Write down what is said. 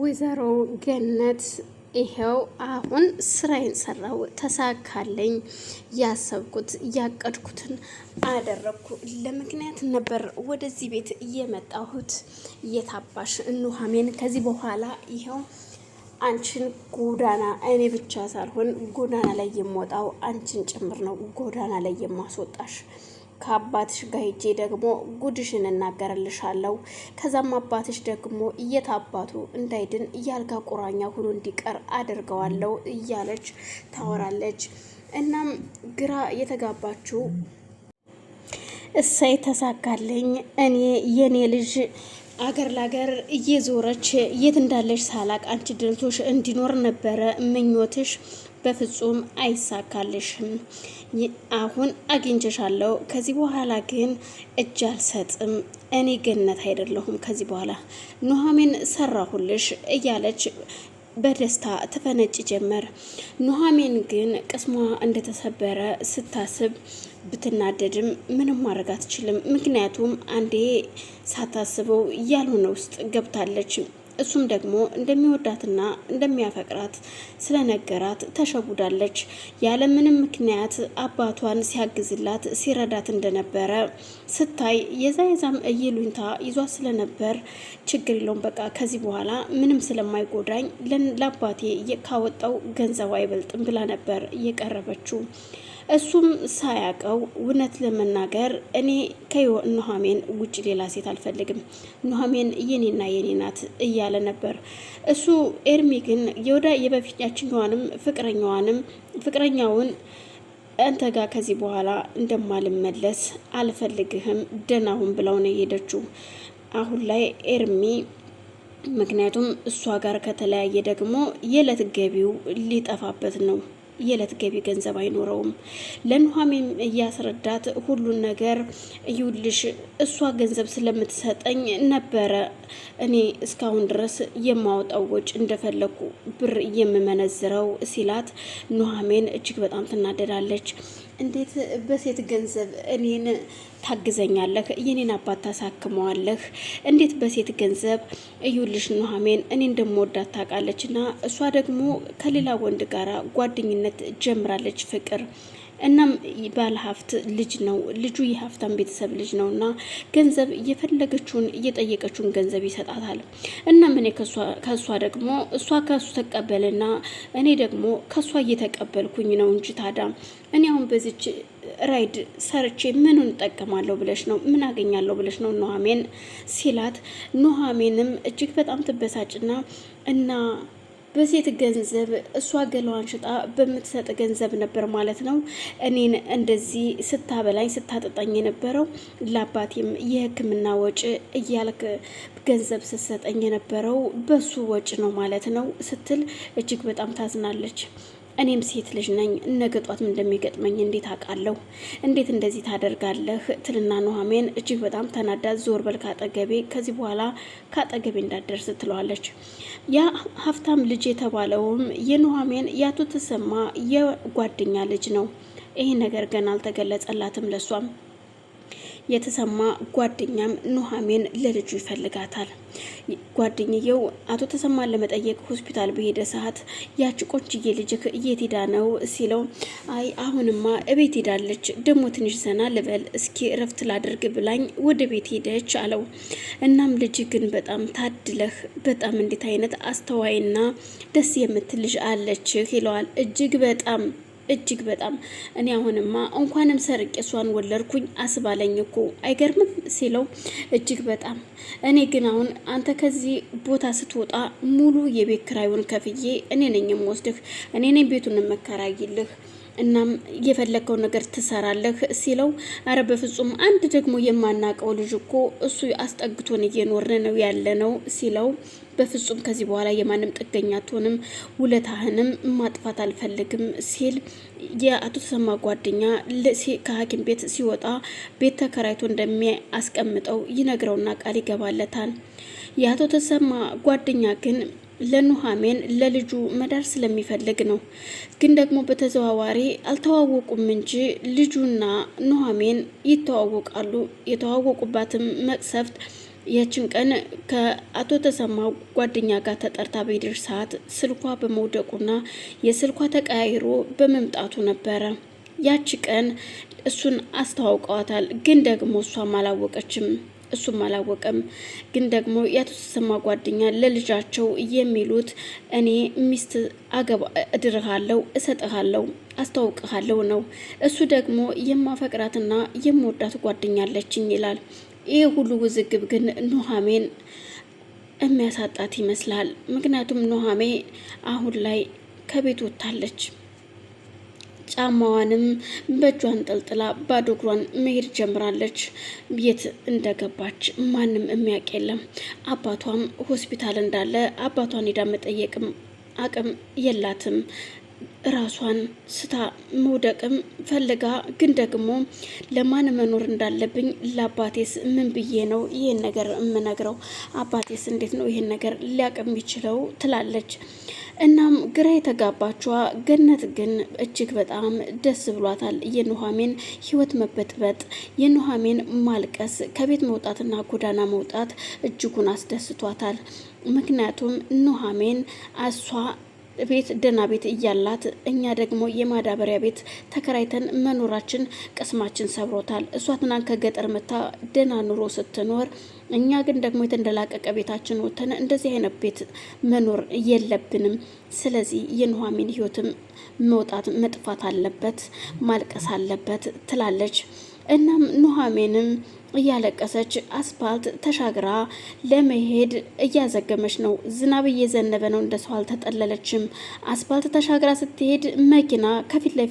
ወይዘሮ ገነት ይሄው አሁን ስራዬን ሰራው፣ ተሳካለኝ፣ ያሰብኩት ያቀድኩትን አደረግኩ። ለምክንያት ነበር ወደዚህ ቤት የመጣሁት። የታባሽ ኑሐሚን፣ ከዚህ በኋላ ይኸው አንቺን ጎዳና እኔ ብቻ ሳልሆን ጎዳና ላይ የምወጣው አንቺን ጭምር ነው፣ ጎዳና ላይ የማስወጣሽ ከአባትሽ ጋር ሄጄ ደግሞ ጉድሽን እናገርልሻለሁ። ከዛም አባትሽ ደግሞ የት አባቱ እንዳይድን እያልጋ ቁራኛ ሁኖ እንዲቀር አድርገዋለሁ እያለች ታወራለች። እናም ግራ የተጋባችው እሰይ ተሳካልኝ፣ እኔ የኔ ልጅ አገር ላገር እየዞረች የት እንዳለች ሳላቅ አንቺ ድንቶሽ እንዲኖር ነበረ ምኞትሽ በፍጹም አይሳካልሽም። አሁን አግኝቼሻለሁ። ከዚህ በኋላ ግን እጅ አልሰጥም። እኔ ገነት አይደለሁም። ከዚህ በኋላ ኑሐሚን ሰራሁልሽ እያለች በደስታ ትፈነጭ ጀመር። ኑሐሚን ግን ቅስሟ እንደተሰበረ ስታስብ ብትናደድም ምንም ማድረግ አትችልም። ምክንያቱም አንዴ ሳታስበው ያልሆነ ውስጥ ገብታለች። እሱም ደግሞ እንደሚወዳትና እንደሚያፈቅራት ስለነገራት ተሸጉዳለች ያለምንም ምክንያት አባቷን ሲያግዝላት ሲረዳት እንደነበረ ስታይ የዛ የዛም እይሉኝታ ይዟት ስለነበር ችግር የለውም በቃ ከዚህ በኋላ ምንም ስለማይጎዳኝ ለአባቴ ካወጣው ገንዘብ አይበልጥም ብላ ነበር የቀረበችው። እሱም ሳያቀው እውነት ለመናገር እኔ ከኑሐሚን ውጭ ሌላ ሴት አልፈልግም፣ ኑሐሚን የኔና የኔ ናት እያለ ነበር። እሱ ኤርሚ ግን የወዳ የበፊታችኛዋንም ፍቅረኛዋንም ፍቅረኛውን አንተ ጋር ከዚህ በኋላ እንደማልመለስ አልፈልግህም፣ ደናሁን ብለው ነው የሄደችው። አሁን ላይ ኤርሚ ምክንያቱም እሷ ጋር ከተለያየ ደግሞ የዕለት ገቢው ሊጠፋበት ነው። የዕለት ገቢ ገንዘብ አይኖረውም። ለኑሐሚን እያስረዳት ሁሉን ነገር ይውልሽ፣ እሷ ገንዘብ ስለምትሰጠኝ ነበረ እኔ እስካሁን ድረስ የማወጣው ወጭ እንደፈለግኩ ብር የምመነዝረው ሲላት ኑሐሚን እጅግ በጣም ትናደዳለች። እንዴት በሴት ገንዘብ እኔን ታግዘኛለህ? የኔን አባት ታሳክመዋለህ? እንዴት በሴት ገንዘብ እዩልሽ ኑሐሜን እኔ እንደምወዳት ታውቃለች እና እሷ ደግሞ ከሌላ ወንድ ጋራ ጓደኝነት ጀምራለች ፍቅር እናም ባለ ሀብት ልጅ ነው ልጁ የሀብታም ቤተሰብ ልጅ ነው እና ገንዘብ እየፈለገችውን እየጠየቀችውን ገንዘብ ይሰጣታል። እናም እኔ ከእሷ ደግሞ እሷ ከሱ ተቀበልና እኔ ደግሞ ከእሷ እየተቀበልኩኝ ነው እንጂ ታዳ እኔ አሁን በዚች ራይድ ሰርቼ ምኑን እጠቀማለሁ ብለሽ ነው? ምን አገኛለሁ ብለሽ ነው? ኑሐሚን ሲላት ኑሐሚንም እጅግ በጣም ትበሳጭና እና በሴት ገንዘብ እሷ ገለዋን ሽጣ በምትሰጥ ገንዘብ ነበር ማለት ነው። እኔን እንደዚህ ስታበላኝ ስታጠጣኝ የነበረው ለአባቴም የሕክምና ወጪ እያልክ ገንዘብ ስትሰጠኝ የነበረው በሱ ወጪ ነው ማለት ነው ስትል እጅግ በጣም ታዝናለች። እኔም ሴት ልጅ ነኝ፣ ነገ እንደሚገጥመኝ እንዴት አውቃለሁ? እንዴት እንደዚህ ታደርጋለህ? ትልና ኑሐሚን እጅግ በጣም ተናዳ ዞር በል ካጠገቤ፣ ከዚህ በኋላ ካጠገቤ እንዳደርስ ትለዋለች። ያ ሀብታም ልጅ የተባለውም የኑሐሚን ያቶ ተሰማ የጓደኛ ልጅ ነው። ይህ ነገር ገና አልተገለጸላትም ለሷም የተሰማ ጓደኛም ኑሐሚን ለልጁ ይፈልጋታል። ጓደኛየው አቶ ተሰማን ለመጠየቅ ሆስፒታል በሄደ ሰዓት ያቺ ቆንጅዬ ልጅክ የት ሄዳ ነው ሲለው፣ አይ አሁንማ እቤት ሄዳለች፣ ደግሞ ትንሽ ዘና ልበል እስኪ እረፍት ላድርግ ብላኝ ወደ ቤት ሄደች አለው። እናም ልጅ ግን በጣም ታድለህ፣ በጣም እንዴት አይነት አስተዋይና ደስ የምትል ልጅ አለችህ ይለዋል። እጅግ በጣም እጅግ በጣም እኔ አሁንማ እንኳንም ሰርቄ እሷን ወለድኩኝ አስባለኝ እኮ አይገርምም ሲለው እጅግ በጣም እኔ ግን አሁን አንተ ከዚህ ቦታ ስትወጣ ሙሉ የቤት ክራዩን ከፍዬ እኔ ነኝ የምወስድህ፣ እኔ ነኝ ቤቱን መከራይልህ እናም የፈለግከው ነገር ትሰራለህ ሲለው፣ አረ በፍጹም አንድ ደግሞ የማናቀው ልጅ እኮ እሱ አስጠግቶን እየኖርን ነው ያለ ነው ሲለው፣ በፍጹም ከዚህ በኋላ የማንም ጥገኛ አትሆንም፣ ውለታህንም ማጥፋት አልፈልግም ሲል የአቶ ተሰማ ጓደኛ ከሐኪም ቤት ሲወጣ ቤት ተከራይቶ እንደሚያስቀምጠው ይነግረውና ቃል ይገባለታል። የአቶ ተሰማ ጓደኛ ግን ለኑሃሜን ለልጁ መዳር ስለሚፈልግ ነው። ግን ደግሞ በተዘዋዋሪ አልተዋወቁም እንጂ ልጁና ኑሃሜን ይተዋወቃሉ። የተዋወቁባትም መቅሰፍት ያችን ቀን ከአቶ ተሰማ ጓደኛ ጋር ተጠርታ በሄደች ሰዓት ስልኳ በመውደቁና የስልኳ ተቀያይሮ በመምጣቱ ነበረ። ያቺ ቀን እሱን አስተዋውቀዋታል። ግን ደግሞ እሷም አላወቀችም። እሱም አላወቀም። ግን ደግሞ የአቶ ተሰማ ጓደኛ ለልጃቸው የሚሉት እኔ ሚስት አገባ እድርሃለሁ፣ እሰጥሃለሁ፣ ነው። እሱ ደግሞ የማፈቅራትና የምወዳት ጓደኛ አለችኝ ይላል። ይህ ሁሉ ውዝግብ ግን ኑሐሜን የሚያሳጣት ይመስላል። ምክንያቱም ኑሐሜ አሁን ላይ ከቤት ወጥታለች። ጫማዋንም በእጇን ጠልጥላ ባዶ እግሯን መሄድ ጀምራለች። የት እንደገባች ማንም የሚያውቅ የለም። አባቷም ሆስፒታል እንዳለ አባቷን ሄዳ መጠየቅም አቅም የላትም። ራሷን ስታ መውደቅም ፈልጋ ግን ደግሞ ለማን መኖር እንዳለብኝ ለአባቴስ ምን ብዬ ነው ይህን ነገር የምነግረው? አባቴስ እንዴት ነው ይህን ነገር ሊያቅም የሚችለው? ትላለች እናም ግራ የተጋባችዋ ገነት ግን እጅግ በጣም ደስ ብሏታል። የኑሐሚን ህይወት መበጥበጥ፣ የኑሐሚን ማልቀስ፣ ከቤት መውጣትና ጎዳና መውጣት እጅጉን አስደስቷታል። ምክንያቱም ኑሐሚን እሷ ቤት ደህና ቤት እያላት እኛ ደግሞ የማዳበሪያ ቤት ተከራይተን መኖራችን ቅስማችን ሰብሮታል። እሷ ትናንት ከገጠር መታ ደህና ኑሮ ስትኖር እኛ ግን ደግሞ የተንደላቀቀ ቤታችን ወተን እንደዚህ አይነት ቤት መኖር የለብንም። ስለዚህ የኑሐሚን ህይወትም መውጣት መጥፋት አለበት፣ ማልቀስ አለበት ትላለች። እናም ኑሐሚንም እያለቀሰች አስፓልት ተሻግራ ለመሄድ እያዘገመች ነው። ዝናብ እየዘነበ ነው። እንደ ሰው አልተጠለለችም። አስፓልት ተሻግራ ስትሄድ መኪና ከፊት ለፊት